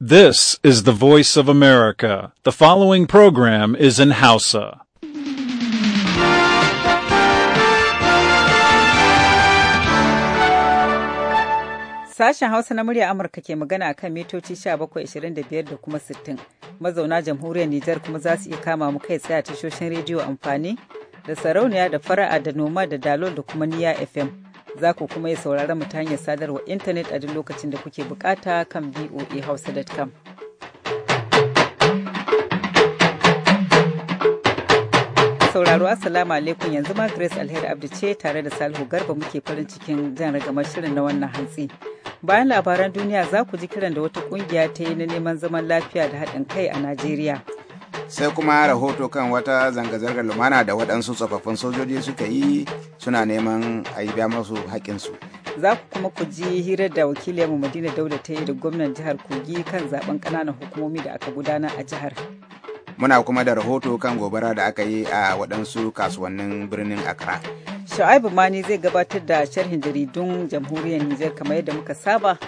This is the voice of America. The following program is in Hausa. Sashen Hausa na murya Amurka ke magana kan mitoci 1725 da kuma 60. Mazauna jamhuriyar Nijar kuma za su iya kama mu kai tsaye a tashoshin rediyo amfani da sarauniya da fara'a da noma da dalol da kuma niya FM. za ku kuma ya saurara mu ta hanyar sadarwa intanet a duk lokacin da kuke bukata kan voahausa.com. sauraro assalamu alaikum yanzu ma grace alheri abdu ce tare da salihu garba muke farin cikin jan ragamar shirin na wannan hantsi bayan labaran duniya za ku ji kiran da wata kungiya ta yi na neman zaman lafiya da haɗin kai a najeriya sai kuma rahoto kan wata zanga-zangar lumana da waɗansu tsofaffin sojoji suka yi suna neman a yi biya masu haƙinsu. za ku kuma ku ji hirar da mu madina Dauda ta yi da gwamnan jihar kogi kan zaben ƙananan hukumomi da aka gudana a jihar muna kuma da rahoto kan gobara da aka yi a waɗansu kasuwannin birnin accra Shu'aibu Mani zai gabatar da sharhin jaridun jamhuriyar Nijar kamar yadda muka saba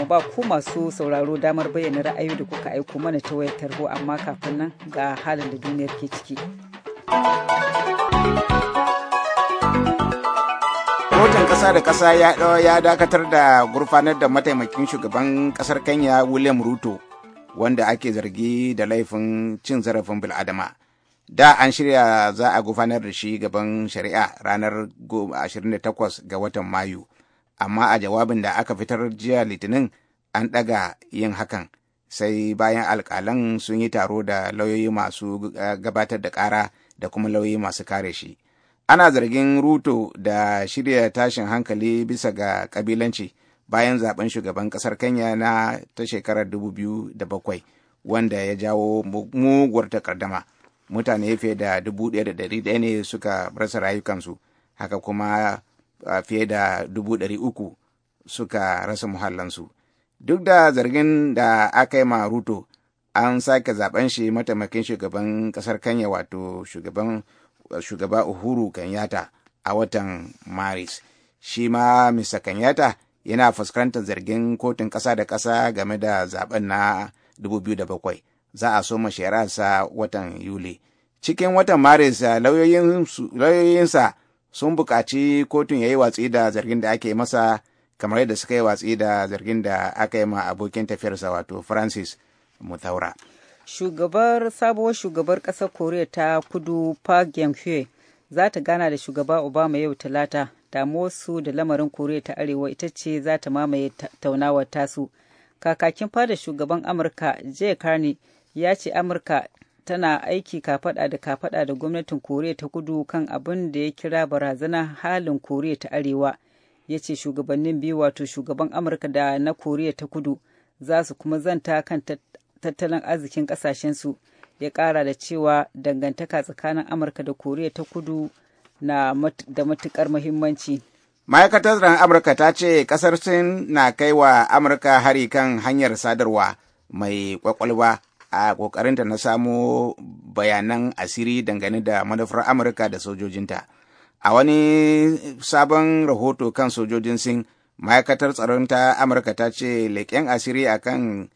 mu ba ku masu sauraro damar bayyana ra'ayoyi da kuka aiko mana ta wayar tarho amma kafin nan ga halin da duniyar ke ciki. Kotun ƙasa da ƙasa ya ya dakatar da gurfanar da mataimakin shugaban ƙasar Kenya William Ruto wanda ake zargi da laifin cin zarafin bil'adama. Da an shirya za a gufanar da shi gaban shari'a ranar 28 ga watan Mayu. amma a jawabin da aka fitar jiya litinin an ɗaga yin hakan sai bayan alƙalan sun yi taro da lauyoyi masu eh, gabatar da ƙara da kuma lauyoyi masu kare shi ana zargin ruto da shirya tashin hankali bisa ga ƙabilanci bayan zaben shugaban ƙasar kenya na ta shekarar 2007 wanda ya jawo muguwar takardama mutane fiye da 1,100 ne suka rasa rayukansu haka kuma fiye da dubu ɗari uku suka rasa muhallansu duk da zargin da aka yi ma ruto an sake zaben shi mataimakin shugaban kasar kenya wato shugaban shugaba uhuru kenyatta a watan maris shi ma mr kenyatta yana fuskantar zargin kotun ƙasa da ƙasa game da zaben na 2007 za a soma shari'arsa watan yuli cikin watan maris lauyoyinsa sun buƙaci kotun ya yi watsi da zargin da ake masa kamar yadda suka yi watsi da zargin da aka yi ma abokin tafiyarsa wato francis mutaura shugabar sabuwar shugabar ƙasar koriya ta kudu park geun za ta gana da shugaba obama yau talata damuwarsu da lamarin koriya ta arewa ita ce za ta mamaye taunawar tasu kakakin fada shugaban amurka jay carney ya ce amurka tana aiki kafada da kafada da gwamnatin koriya ta kudu kan abin da ya kira barazana halin koriya ta arewa ya ce shugabannin biyu wato shugaban amurka da na koriya ta kudu za su kuma zanta kan tattalin arzikin kasashensu ya kara da cewa dangantaka tsakanin amurka da koriya ta kudu na da matukar muhimmanci ma'aikatar tsaron amurka ta ce kasar sin na kai wa amurka hari kan hanyar sadarwa mai kwakwalwa a ƙoƙarinta na samo bayanan asiri dangane da manufar amurka da sojojinta a wani sabon rahoto kan sojojin sin ma'aikatar tsaron ta amurka ta ce leƙen asiri a kan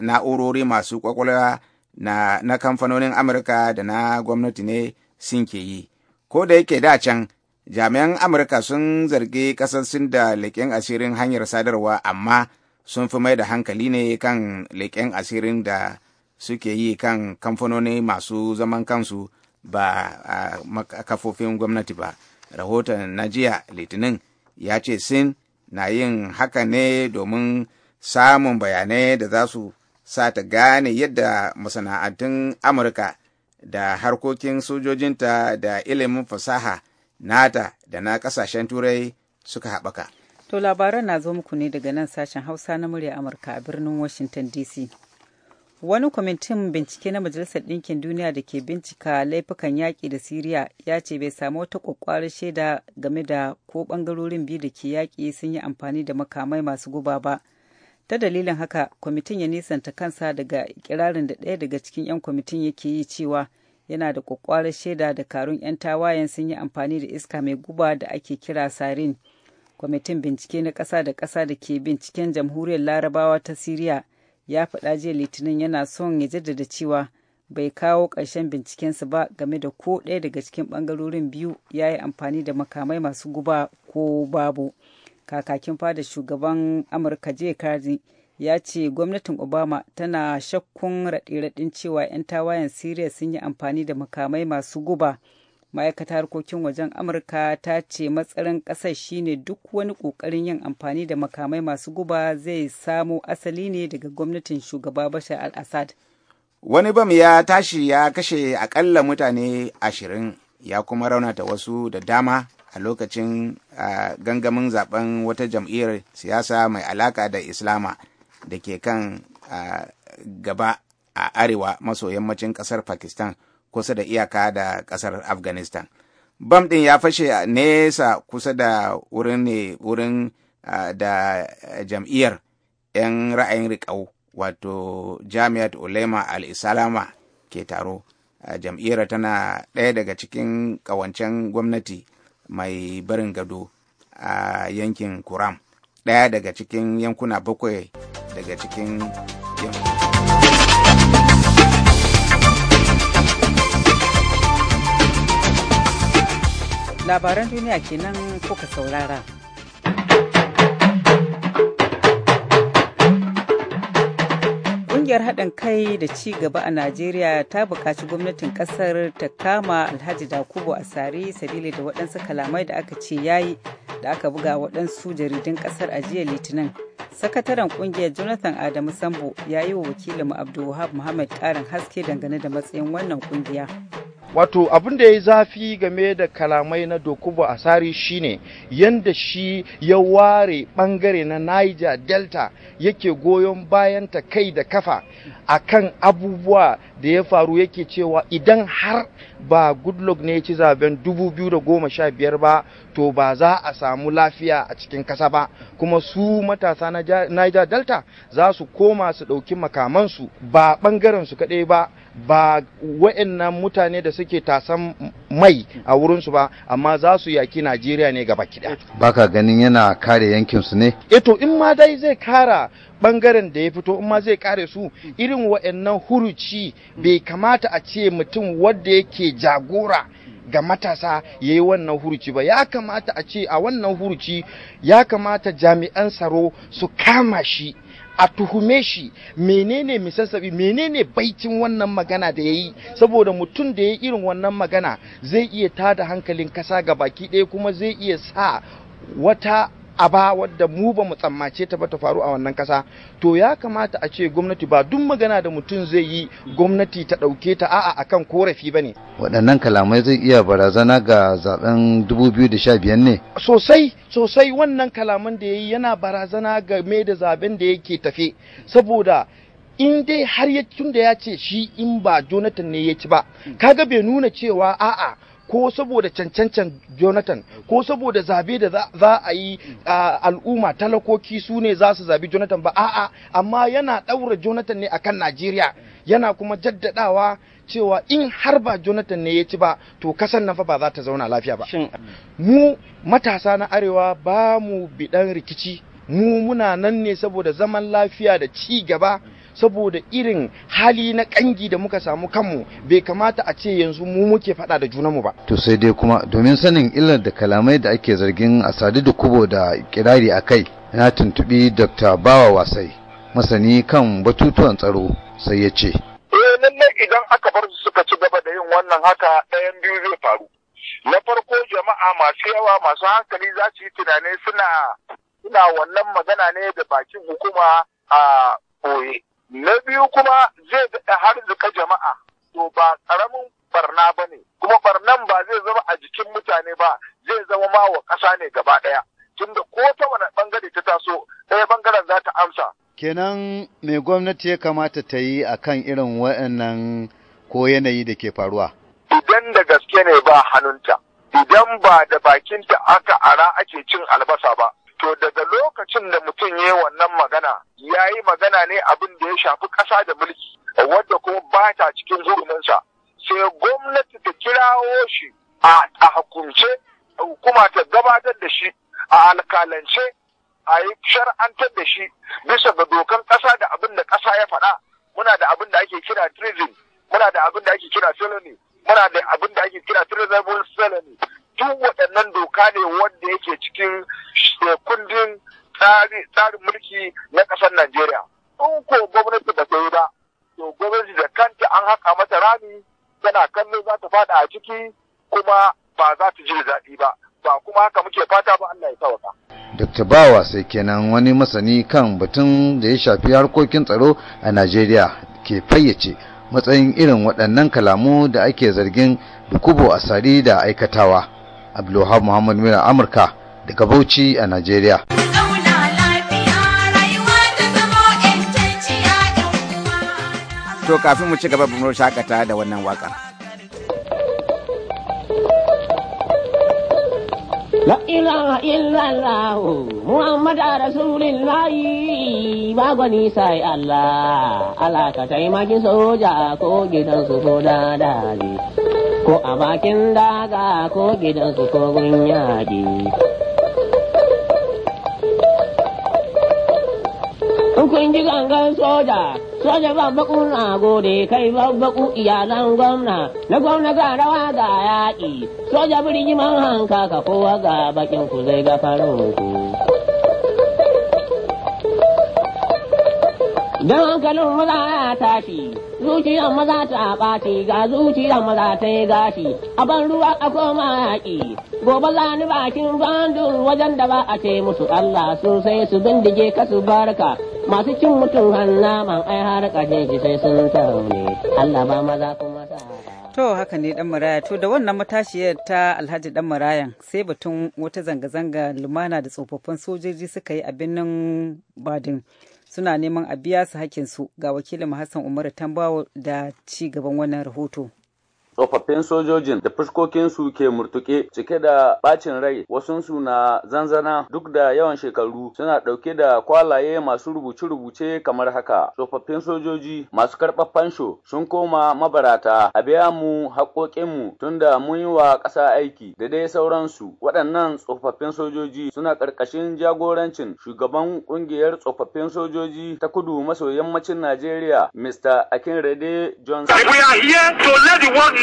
na'urori masu ƙwaƙwalwa na, kamfanonin amurka da na gwamnati ne sin ke yi ko da yake da can jami'an amurka sun zargi ƙasar sin da leƙen asirin hanyar sadarwa amma sun fi mai da hankali ne kan leƙen asirin da suke yi kan kamfanoni masu zaman kansu ba a kafofin gwamnati ba rahoton na jiya litinin ya ce sin na yin haka ne domin samun bayanai da za su sa ta gane yadda masana'antun amurka da harkokin sojojinta da ilimin fasaha nata da na kasashen turai suka haɓaka To labaran na zo muku ne daga nan sashen Hausa na murya Amurka a birnin Washington DC. Wani kwamitin bincike na Majalisar Ɗinkin Duniya da ke bincika laifukan yaƙi da Siriya ya ce bai samu wata ƙwaƙwarar shaida game da ko ɓangarorin biyu da ke yaƙi sun yi amfani da makamai masu guba ba. Ta dalilin haka, kwamitin ya nisanta kansa daga ikirarin da ɗaya daga cikin 'yan kwamitin yake yi cewa yana da ƙwaƙwarar shaida da karun 'yan tawayen sun yi amfani da iska mai guba da ake kira sarin. kwamitin bincike na ƙasa da ƙasa da ke binciken jamhuriyar larabawa ta siriya ya faɗa jiya litinin yana son ya jaddada cewa bai kawo ƙarshen bincikensa ba game da ko ɗaya daga cikin ɓangarorin biyu ya yi amfani da makamai masu guba ko babu kakakin fada shugaban amurka jay kazi ya ce gwamnatin obama tana shakkun raɗe-raɗin cewa 'yan tawayen siriya sun yi amfani da makamai masu guba ma'aikatar harkokin wajen amurka ta ce matsarin ƙasar shine duk wani ƙoƙarin yin amfani da makamai masu guba zai samo asali ne daga gwamnatin shugaba bashar al-assad wani bam ya tashi ya kashe akalla mutane ashirin ya kuma raunata wasu da dama a lokacin gangamin zaben wata jam'iyyar siyasa mai alaka da islama da ke kan gaba a arewa maso yammacin kasar pakistan kusa da iyaka da kasar afghanistan bam ɗin ya fashe nesa kusa da wurin ne wurin da jam'iyyar 'yan ra'ayin riƙau wato jami'at ulema al islama ke taro jam'iyyar tana ɗaya daga cikin ƙawancen gwamnati mai barin gado a yankin kuram ɗaya daga cikin yankuna bakwai daga cikin labaran duniya kenan kuka saurara Ƙungiyar haɗin kai da ci gaba a Najeriya ta buƙaci gwamnatin ƙasar ta kama Alhaji a sari sabili da waɗansu kalamai da aka ce yayi da aka buga waɗansu jaridun ƙasar a jiya Litinin. sakataren kungiyar jonathan adamu sambo ya yi wa wakilinmu abdulwahab muhammad karin haske dangane da matsayin wannan kungiya wato abin da ya zafi game da kalamai na dokubo asari shine yadda shi ya ware bangare na niger delta yake goyon bayan ta kai da kafa akan abubuwa da ya faru yake cewa idan har ba goodluck ne ya ci zaben 2015 ba to ba za a samu lafiya a cikin kasa ba kuma su matasa na niger delta za su koma su ɗauki makamansu ba ɓangaren su kaɗai ba ba wa'annan mutane da suke tasan mai a wurinsu ba amma za su yaki najeriya ne gaba kiɗa baka ganin yana kare yankinsu ne eh to in ma dai zai kara bangaren da ya fito in ma zai kare su irin wa'annan huruci bai kamata a ce mutum wanda yake jagora ga matasa ya yi wannan huruci ba ya kamata a ce a wannan huruci ya kamata jami'an tsaro su kama shi a tuhume shi menene misassabi menene baitin wannan magana da ya yi saboda mutum da ya irin wannan magana zai iya tada hankalin kasa ga baki ɗaya kuma zai iya sa wata A ba wadda mu ba mu tsammace ta ba ta faru a wannan kasa to ya kamata a ce gwamnati ba duk magana da mutum zai yi gwamnati ta ɗauke ta a'a akan korafi ba ne waɗannan kalamai zai iya barazana ga zaben 2015 ne sosai sosai wannan kalaman da ya yi yana barazana game da zaben da yake tafe saboda in dai har ya tun da ya ce shi in ba jonathan ne ya ci ba kaga bai nuna cewa a'a ko saboda cancancan jonathan ko saboda zabe da za a yi al'umma talakoki su ne za su zabi jonathan ba a'a amma yana ɗaura jonathan ne akan najeriya yana kuma jaddadawa cewa in har ba jonathan ne ya ci ba to kasan nan fa ba za ta zauna lafiya ba mu matasa na arewa ba mu bidan rikici mu muna nan ne saboda zaman lafiya da ci gaba saboda irin hali na kangi da muka samu kanmu bai kamata a ce yanzu mu muke faɗa da junanmu ba to sai dai kuma domin sanin illar da kalamai da ake zargin a da kubo da kirari a kai na tuntubi dr bawa wasai masani kan batutuwan tsaro sai ya ce eh, idan aka bar su suka ci gaba da yin wannan haka ɗayan biyu zai faru na farko jama'a masu yawa masu hankali za su yi tunani suna suna wannan magana ne da bakin hukuma a boye na biyu kuma zai daɗa zuka jama'a to ba ƙaramin barna ba ne kuma barnan ba zai zama a jikin mutane ba zai zama ma wa ƙasa ne gaba ɗaya tunda ko ta wani ɓangare ta taso ɗaya ɓangaren za ta amsa. kenan mai gwamnati ya kamata ta yi a kan irin waɗannan ko yanayi da ke faruwa. idan da gaske ne ba hannunta idan ba da bakinta aka ara ake cin albasa ba to daga lokacin da mutum ya yi wannan magana ya yi magana ne abin da ya shafi ƙasa da mulki wadda kuma ba ta cikin huruminsa sai gwamnati ta kirawo shi a hukumce hukuma ta gabatar da shi a alkalance a yi shar'antar da shi bisa ga dokan ƙasa da abin da ƙasa ya faɗa muna da abin da ake kira treason muna da abin da ake kira felony muna da abin da ake kira duk waɗannan doka ne wanda yake cikin kundin tsarin mulki na ƙasar Najeriya. In ko gwamnati ba ta yi ba, to gwamnati da kanta an haƙa mata rami tana kallo za ta faɗa a ciki kuma ba za ta ji daɗi ba. Ba kuma haka muke fata ba Allah ya sauka. Dr. Bawa sai kenan wani masani kan batun da ya shafi harkokin tsaro a Najeriya ke fayyace matsayin irin waɗannan kalamu da ake zargin Dukubo Asari da aikatawa. abdulwahab muhammad mura amurka daga bauchi a najeriya to kafin mu ci gaba mu shakata da wannan waka La ilaha illallah Muhammad Rasulullah ba gwani sai Allah Allah ka taimaki soja ko gidan su ko dadali ko a bakin daga ko gidansu ko gun yaji. kun ji gangan soja, soja ban baku na gode kai ban baku iyalan gwamna, na gwamna ga rawa ga yaƙi, soja birgiman hanka ka kowa ga bakin ku zai gafarinku. ku. don hankalin maza ya tashi zuciyar maza ta ɓaci ga zuciyar maza ta yi gashi a ban ruwa a koma yaƙi gobe za ni bakin bandun wajen da ba a ce musu Allah sosai su bindige ka su barka masu cin mutum hannaman ai har ƙashe shi sai sun taune Allah ba maza kuma sa To haka ne dan maraya to da wannan matashiyar ta Alhaji dan marayan sai batun wata zanga-zanga lumana da tsofaffin sojoji suka yi a birnin Badin. suna neman a biya su hakinsu ga wakilin Hassan Umaru Tambawo da ci gaban wannan rahoto. tsofaffin sojojin da fuskokinsu ke murtuke cike da bacin rai wasunsu na zanzana duk da yawan shekaru suna ɗauke da kwalaye masu rubuce-rubuce kamar haka tsofaffin sojoji masu karɓar fansho sun koma mabarata a biya mu haƙoƙinmu tun da mun yi wa ƙasa aiki da dai sauransu waɗannan tsofaffin sojoji suna ƙarƙashin jagorancin shugaban ƙungiyar tsofaffin sojoji ta kudu maso yammacin najeriya mr akinrede johnson.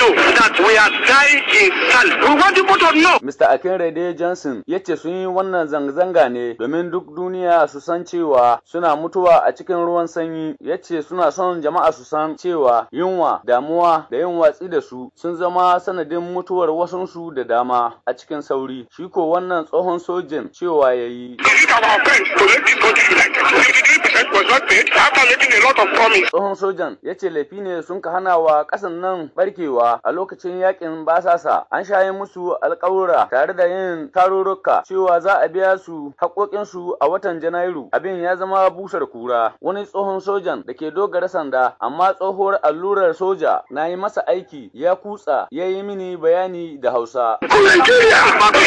know that we are dying in We want people to know. Mr. Akinrede Johnson ya ce sun yi wannan zanga-zanga ne domin duk duniya su san cewa suna mutuwa a cikin ruwan sanyi. Ya ce suna son jama'a su san cewa yunwa, damuwa da yin watsi da su sun zama sanadin mutuwar wasunsu da dama a cikin sauri. Shi ko wannan tsohon sojin cewa ya yi. Tsohon sojan ya ce laifi ne sun ka hana wa ƙasan nan barkewa a lokacin yakin basasa an shaye musu alƙawura tare da yin tarurruka cewa za a biya su su a watan Janairu. Abin ya zama busar kura. Wani tsohon sojan da ke dogara sanda amma tsohuwar allurar soja na yi masa aiki ya kutsa ya yi mini bayani da Hausa. ba, ba,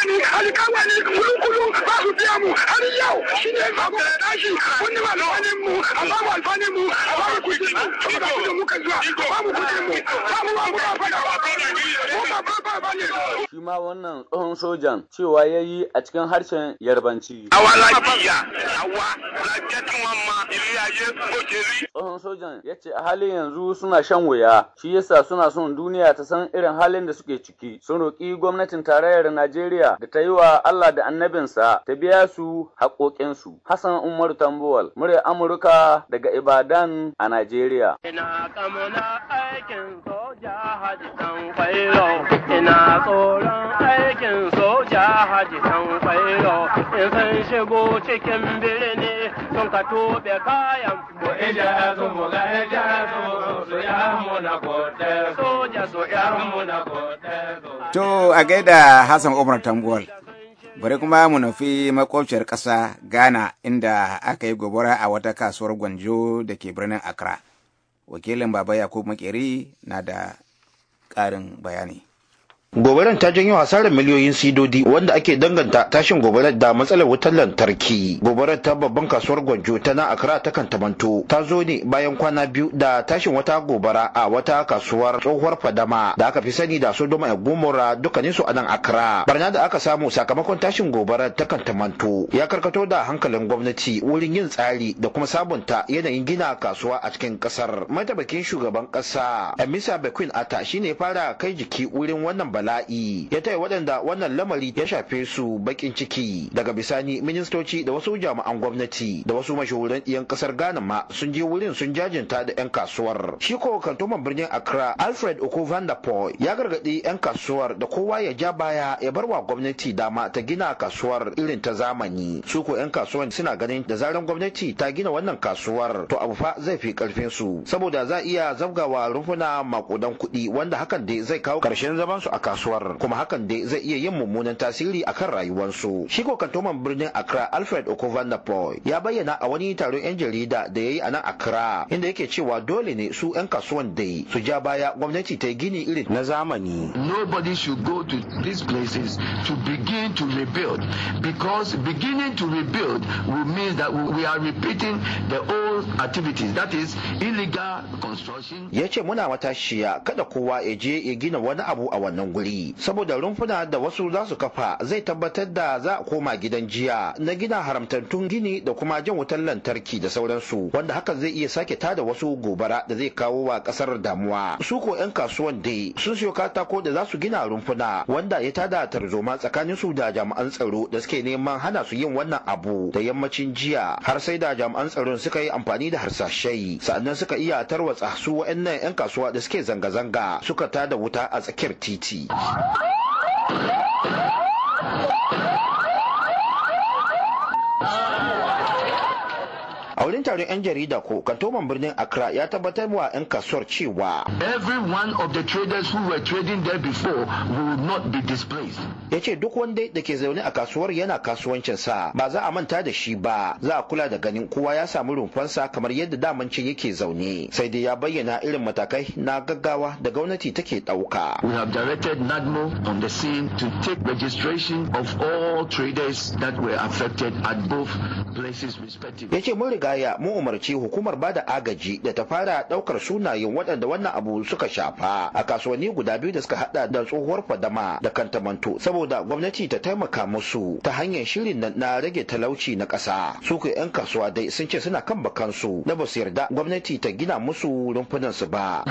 ba, wurin kullum ba su biya mu har yau shi ne ba mu da tashi wani ba alfanin mu a ba mu alfanin mu a ba mu kuɗi mu saboda mu da muka zuwa ba mu kuɗi mu ba mu ba mu ba fada ba ba ba ba ne. shi ma wannan tsohon sojan cewa ya yi a cikin harshen yarbanci. awa lafiya awa lafiya tun wamma iliyaye kokeri. tsohon sojan ya ce a halin yanzu suna shan wuya shi yasa suna son duniya ta san irin halin da suke ciki sun roƙi gwamnatin tarayyar Najeriya da ta yi wa Allah da annabinsa ta biya su haƙoƙinsu. Hassan Umar Tambuwal, murya Amurka daga Ibadan a Najeriya. Ina kamuna aikin soja haji kan kwairo, ina tsoron aikin soja haji kan kwairo, in san shigo cikin birni sun ka tobe kayan. Mu ija zo mu ga ija zo su ya mu na kote, soja su ya mu na kote. To a gaida Hassan Umar Tambuwal. bari kuma mu nufi makwabciyar ƙasa ghana inda aka yi gobara a wata kasuwar gwanjo da ke birnin accra wakilin baba yakubu makeri na da ƙarin bayani gobarar ta janyo hasarar miliyoyin sidodi wanda ake danganta tashin gobarar da matsalar wutar lantarki gobarar ta babban kasuwar gwanjo ta na akra ta tabanto ta zo ne bayan kwana biyu da tashin wata gobara a wata kasuwar tsohuwar fadama da aka fi sani da sodoma doma gomora dukkanin su a nan akra barna da aka samu sakamakon tashin gobarar ta kan tabanto ya karkato da hankalin gwamnati wurin yin tsari da kuma sabunta yanayin gina kasuwa a cikin kasar mataimakin shugaban kasa emisa bequin ata shine fara kai jiki wurin wannan bala'i ya taya waɗanda wannan lamari ya shafe su bakin ciki daga bisani ministoci da wasu jami'an gwamnati da wasu mashahuran yan kasar ghana ma sun je wurin sun jajinta da 'yan kasuwar shi ko kantoman birnin accra alfred poy ya gargaɗi 'yan kasuwar da kowa ya ja baya ya bar wa gwamnati dama ta gina kasuwar irin ta zamani su ko 'yan kasuwan suna ganin da zaran gwamnati ta gina wannan kasuwar to abu fa zai fi karfin su saboda za a iya zabgawa rumfuna makudan kuɗi wanda hakan dai zai kawo ƙarshen zaman su a kasuwar kuma hakan dai zai iya yin mummunan tasiri akan rayuwarsu shi ko kantoman birnin Accra Alfred Okovandapoy ya bayyana a wani taron yan jarida da yi a nan Accra inda yake cewa dole ne su yan kasuwan dai su ja baya gwamnati ta gini irin na zamani nobody should go to these places to begin to rebuild because beginning to rebuild will mean that we are repeating the old activities that is illegal construction ya ce muna matashiya kada kowa ya je ya gina wani abu a wannan yunkuri saboda rumfuna da wasu za su kafa zai tabbatar da za a koma gidan jiya na gina haramtattun gini da kuma jan wutar lantarki da sauransu wanda hakan zai iya sake tada wasu gobara da zai kawo wa kasar damuwa su ko yan kasuwan dai sun siyo katako da za su gina rumfuna wanda ya tada tarzoma tsakanin su da jami'an tsaro da suke neman hana su yin wannan abu da yammacin jiya har sai da jami'an tsaron suka yi amfani da harsashai sannan suka iya tarwatsa su wa'annan yan kasuwa da suke zanga-zanga suka tada wuta a tsakiyar titi Oh, my God. a wurin taron 'yan jarida ko kantoman birnin accra ya tabbatar wa 'yan kasuwar cewa every one of the traders who were trading there before will not be displaced yace duk wanda da ke zaune a kasuwar yana kasuwancinsa ba za a manta da shi ba za a kula da ganin kowa ya samu sa kamar yadda damanci yake zaune sai dai ya bayyana irin matakai na gaggawa da gwamnati take ɗauka. we have directed nadmo on the scene to take registration of all traders that were affected at both places respectively ya mun riga baya mu umarci hukumar ba da agaji da ta fara daukar sunayen waɗanda wannan abu suka shafa a kasuwanni guda biyu da suka hada da tsohuwar fadama da kantamanto saboda gwamnati ta taimaka musu ta hanyar shirin nan na rage talauci na ƙasa su ku 'yan kasuwa dai sun ce suna kan bakansu na ba su yarda gwamnati ta gina musu su ba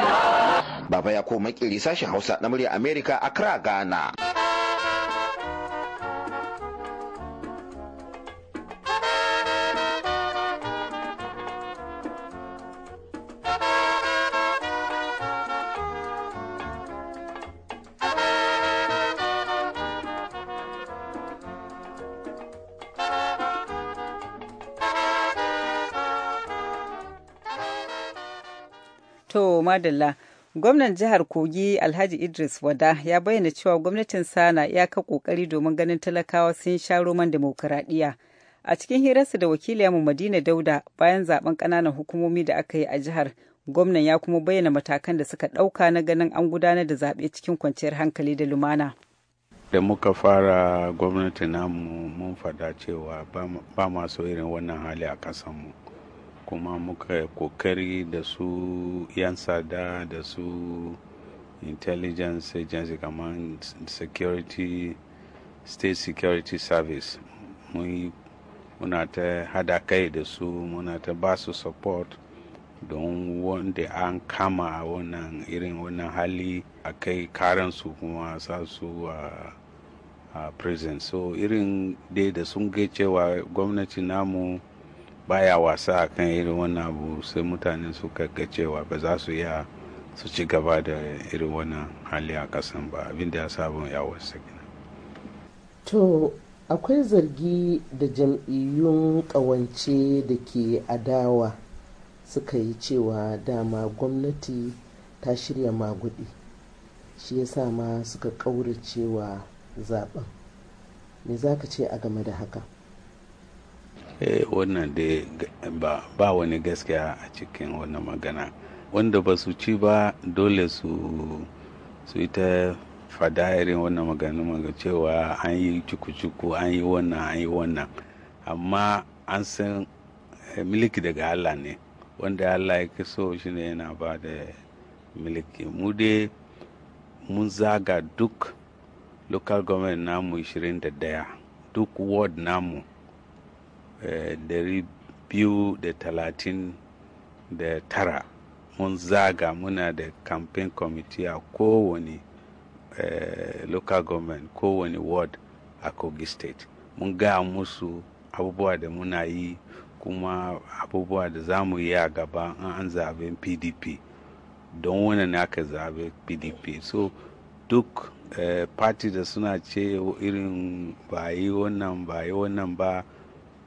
baba ya ko makiri sashen hausa na murya america accra ghana To madalla. Gwamnan jihar Kogi Alhaji Idris Wada ya bayyana cewa gwamnatin sana na iyaka kokari domin ganin talakawa sun sha roman demokuraɗiyya. A cikin hirarsa da wakiliyarmu Madina Dauda bayan zaben ƙananan hukumomi da aka yi a jihar, gwamnan ya kuma bayyana matakan da suka ɗauka na ganin an gudanar da zaɓe cikin kwanciyar hankali da lumana. Da muka fara gwamnati namu mun fada cewa ba ma irin wannan hali a ƙasanmu. kuma muka kokari da su 'yan sada da su intelligence agency kamar security state security service mun muna ta hada kai da su muna ta ba su support don wanda an kama a wannan irin wannan hali a kai karansu kuma sa su a uh, prison so irin dai da sun ga cewa gwamnati namu baya wasa a kan irin wannan abu sai mutane su ga cewa ba za su iya su ci gaba da irin wannan hali a kasan ba abinda ya sabon ya wasu gina. to akwai zargi da jam'iyyun kawance da ke adawa suka yi cewa dama gwamnati ta shirya magudi shi ya sa ma suka ƙauracewa zaben me za ka ce a game da haka eh wannan dai ba, ba wani gaskiya a cikin wannan magana wanda ba su ci ba dole su su yi ta fada irin wannan magana maga cewa an yi cuku-cuku an yi wannan an yi wannan amma an san eh, miliki daga allah ne wanda allah ya so shi ne yana ba da miliki mu dai mun zaga duk local government namu 21 duk ward namu Eh, biyu da da talatin tara mun zaga muna da campaign committee a kowane eh, local government kowane ward a kogi state mun gaya musu abubuwa da muna yi kuma abubuwa da za mu yi a gaba an zaben pdp don wani ne aka zabe pdp so duk eh, party da suna ce irin bayi wannan bayi wannan ba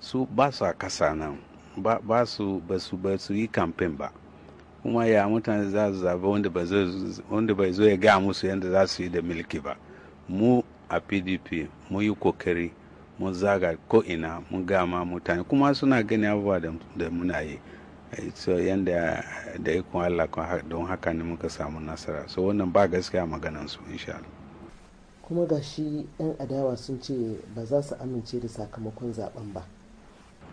su ba su a kasa nan ba su ba su ba su yi kamfen ba kuma ya mutane za su zaɓi wanda bai zo ya gaya musu yadda za su yi da milki ba mu a pdp mu yi kokari mu zaga ko ina mu gama mutane kuma suna gani abubuwa da muna yi eh, so yadda da ikon allah don haka ne muka samu nasara so wannan ba gaskiya maganan su insha kuma ga shi 'yan adawa sun ce ba za su amince da sakamakon zaben ba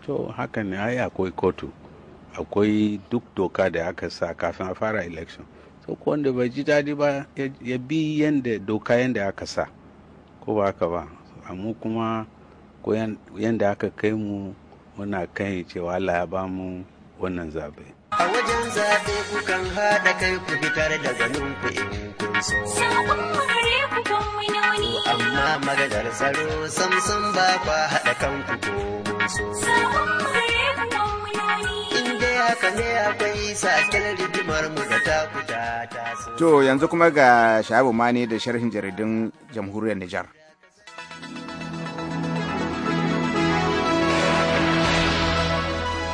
to haka ne ai akwai kotu akwai duk doka da aka sa kafin a fara election so ko wanda bai ji daɗi ba ya bi yadda doka yadda aka sa ko ba haka ba amma kuma ko yadda aka kai mu muna kai cewa Allah ya ba mu wannan zabe a wajen zaɓe kan haɗa kai ku fitar da ganin ku in kun so amma maganar tsaro samsam ba kwa haɗa kanku ko mun so To yanzu kuma ga Shahabu Mani da sharhin jaridun jamhuriyar Nijar.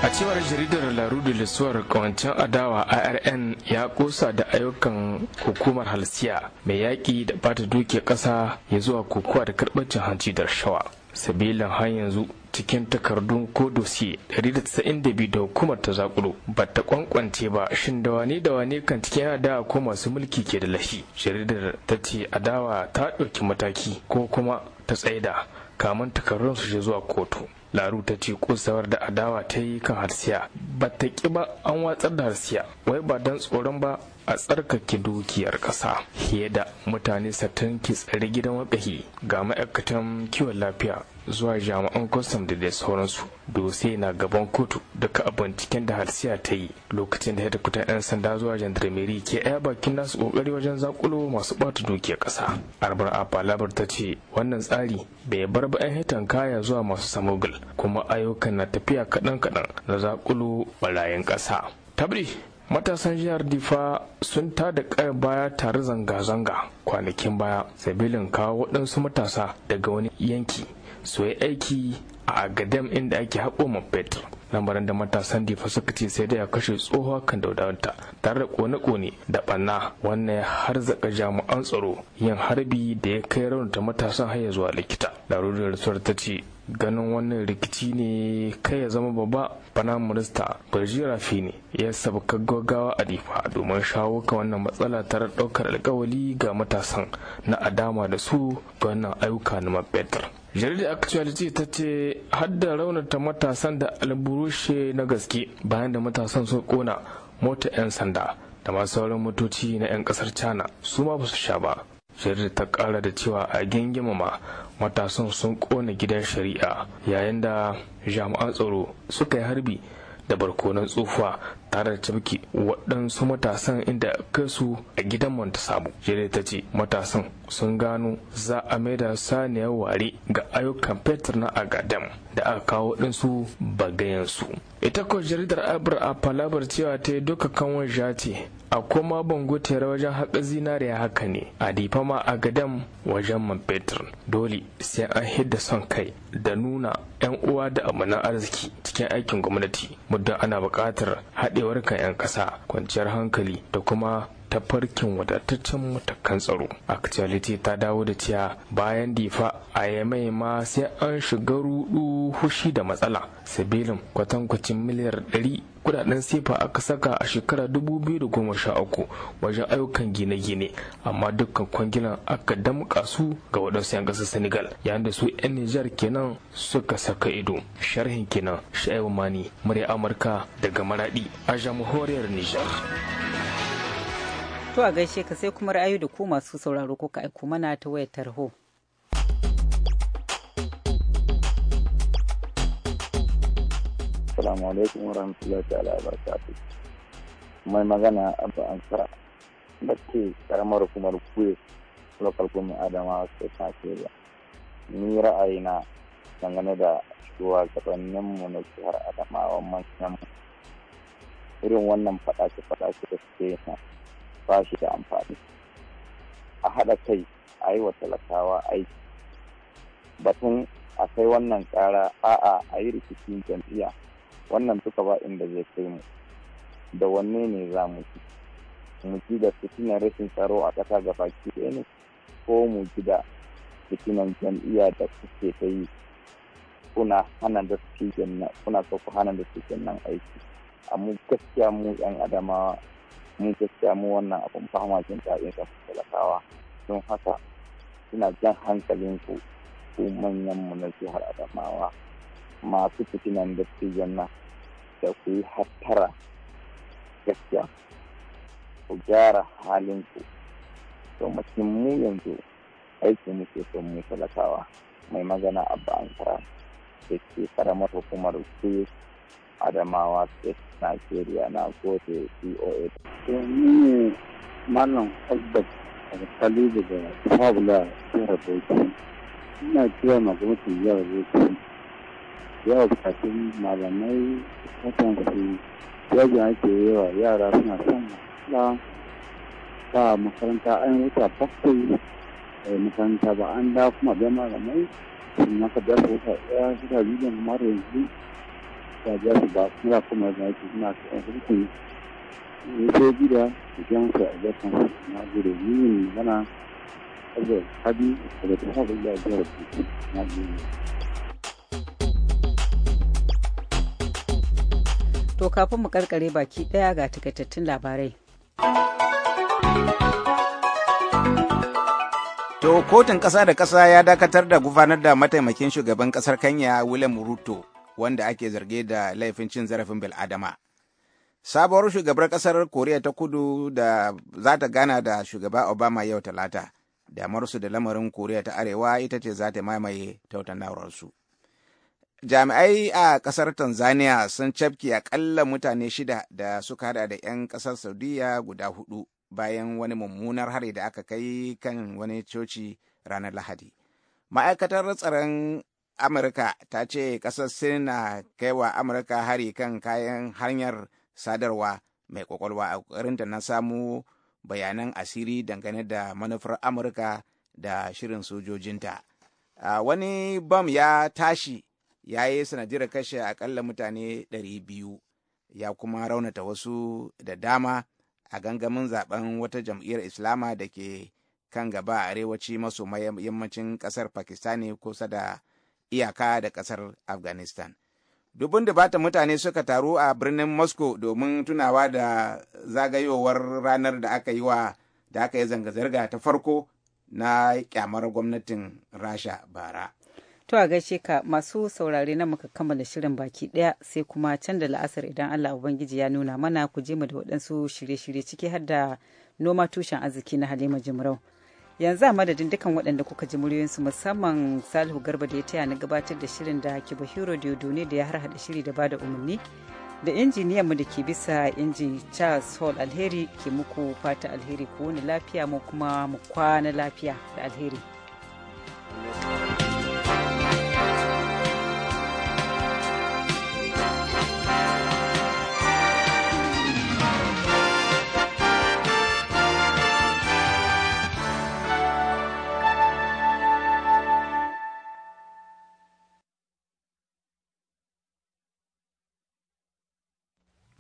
a cewar jaridar larudu lissuwar kawancin adawa arn ya kosa da ayyukan hukumar halsiya mai yaƙi da bata duke ƙasa ya zuwa kokowa da karɓar hanci da shawa sabilin har yanzu cikin takardun ko dosiye 192 da da hukumar ta zakulo ba ta kwankwance ba shin da wane da wane kan cikin adawa ko masu mulki ke da lashi jaridar ta ce adawa ta ɗauki mataki ko kuma ta tsaida kamun takardun su je zuwa kotu laru ta ce kusawar da adawa ta yi kan harsiya ba ta ƙi ba an watsar da harsiya wai ba don tsoron ba a tsarkake dukiyar ƙasa fiye da mutane satin ki tsari gidan waɓahi ga ma'aikatan kiwon lafiya zuwa jami'an kwastam da dai sauransu dose na gaban kotu duka a binciken da halsiya ta yi lokacin da ya kuta 'yan sanda zuwa jandarmeri ke aya bakin nasu kokari wajen zakulo masu ɓata dukiyar ƙasa arbar apa labar ta ce wannan tsari bai bar ba hitan kaya zuwa masu samogal. kuma ayyukan na tafiya kaɗan-kaɗan na zakulo ɓarayin ƙasa tabri matasan jihar difa sun tada kaya baya tare zanga-zanga kwanakin baya sabilin kawo waɗansu matasa daga wani yanki su yi aiki a agadem inda ake haɓo ma fetur lamarin da matasan difa suka ce sai da ya kashe tsohuwa kan daudawanta tare da kone-kone da ɓanna wannan ya harzaka jami'an tsaro yin harbi da ya kai raunata matasan har zuwa likita larurar ta ce ganin wannan rikici ne kai ya zama babba bana minista Birji Rafi ne ya sabuka gaggawa a difa domin shawo ka wannan matsala ta ɗaukar alkawali ga matasan na adama da su ga wannan ayyuka na mabbetar jaridar actuality ta ce hadda raunata matasan da alburushe na gaske bayan da matasan sun kona mota 'yan sanda da masu sauran motoci na 'yan kasar china su ma ba su sha ba jaridar ta kara da cewa a gingimama matasan sun kona gidan shari'a yayin da jami'an tsaro suka yi harbi da barkonan tsufa tare da waɗansu matasan inda kansu a gidan manta sabu jere ta ce matasan sun gano za a da saniyar ware ga ayyukan fetur na agadam da aka kawo ɗinsu bagayensu ita ko jaridar abur a palabar cewa ta yi duka kanwan ce a koma bango tare wajen haƙa zinariya haka ne a difa ma a wajen man fetur dole sai an hidda son kai da nuna 'yan uwa da amanan arziki cikin aikin gwamnati muddin ana buƙatar haɗe warkan 'yan ƙasa kwanciyar hankali da kuma ta farkin wadataccen matakan tsaro actuality ta dawo da cewa bayan difa a yamai ma sai an shiga rudu hushi da matsala sabilin kwatankwacin miliyar 100 kudaden sefa aka saka a shekara 2013 wajen ayyukan gine-gine amma dukkan kwangilan aka damƙa su ga waɗansu 'yan ƙasar senegal yayin da su 'yan nijar kenan suka saka ido sharhin kenan sha'ibu mani murya amurka daga maradi a jamhuriyar nijar to a gaishe ka sai kuma ra'ayi da ku masu sauraro kuka aiko mana ta wayar tarho Assalamu alaikum wa rahmatullahi ta'ala wa barakatuh. Mai magana Abba Ansar da ke karamar hukumar Kuwe lokal kuma Adama ta ba Ni ra'ayi na dangane da shuwa mu na jihar Adamawa manyan irin wannan faɗace-faɗace da suke na ba shi da amfani. A haɗa kai a yi wa talakawa aiki. Batun a kai wannan ƙara a'a a yi rikicin jam'iyya wannan suka ba inda zai kai mu da wanne ne za mu ci mu ci da fitinan rashin tsaro a ƙasa ga baki ɗaya ne ko mu ci da fitinan jam'iyya da kuke ta yi kuna hana da suke nan kuna so ku nan aiki amma gaskiya mu yan adamawa mu gaskiya mu wannan abin ba jin daɗin sa talakawa don haka suna jan hankalin ku ku manyan mu na jihar adamawa masu fitinan da su nan da ku yi hattara gaskiya ku gyara halinku to mutum mu yanzu aiki muke son mu talakawa mai magana abba ba'ankara da ke karamar hukumar ku adamawa state nigeria na gode coa to ni ne malam albert alkali daga fabula jihar bauchi ina kira na gwamnatin jihar bauchi yawa kafin malamai watan su yajin ake wa yara suna son da ba makaranta an wuta bakwai makaranta ba an da kuma bai malamai sun maka da su wuta ɗaya suka biyu da mara yanzu ba biya su ba kuma kuma da ake suna kan hukun ne sai gida idan su a jakan su na gudu yin magana saboda hadi da ta haɗu da jihar na gudu To kafin mu karkare baki ɗaya ga takaitattun labarai. To kotun ƙasa da ƙasa ya dakatar da gufanar da mataimakin shugaban ƙasar Kenya William Ruto wanda ake zarge da laifin cin zarafin bil'adama. Sabuwar shugabar ƙasar Koriya ta kudu da za ta gana da shugaba Obama yau talata. damar su da lamarin Koriya ta Arewa ita ce za ta mamaye su. jami'ai a kasar tanzania sun cafke akalla mutane shida da suka hada da 'yan kasar saudiya guda hudu bayan wani mummunar hari da aka kai kan wani coci ranar lahadi ma'aikatar tsaron amurka ta ce kasar sin na wa amurka hari kan kayan hanyar sadarwa mai kwakwalwa a ƙoƙarinta na samu bayanan asiri dangane da manufar amurka da shirin sojojinta wani bam ya tashi ya yi sanadiyar kashe akalla mutane 200 ya kuma raunata wasu da dama a gangamin zaben wata jam'iyyar islama da ke kan gaba a arewaci maso yammacin kasar pakistani kusa da iyaka da ƙasar afghanistan dubun bata mutane suka taru a birnin moscow domin tunawa da zagayowar ranar da aka yi wa da aka yi zanga zarga ta farko na kyamar gwamnatin rasha bara To a gaishe ka masu saurare na muka kammala shirin baki ɗaya sai kuma can da la'asar idan Allah Ubangiji ya nuna mana ku je mu da waɗansu shirye-shirye ciki har da noma tushen arziki na Halima Jimrau. Yanzu a madadin dukan waɗanda kuka ji muryoyinsu musamman Salihu Garba da ya taya na gabatar da shirin da ke ne da ya harhaɗa shiri da bada umarni da injiniyan mu da ke bisa injin Charles Hall Alheri ke muku fata alheri ku wani lafiya mu kuma mu kwana lafiya da alheri.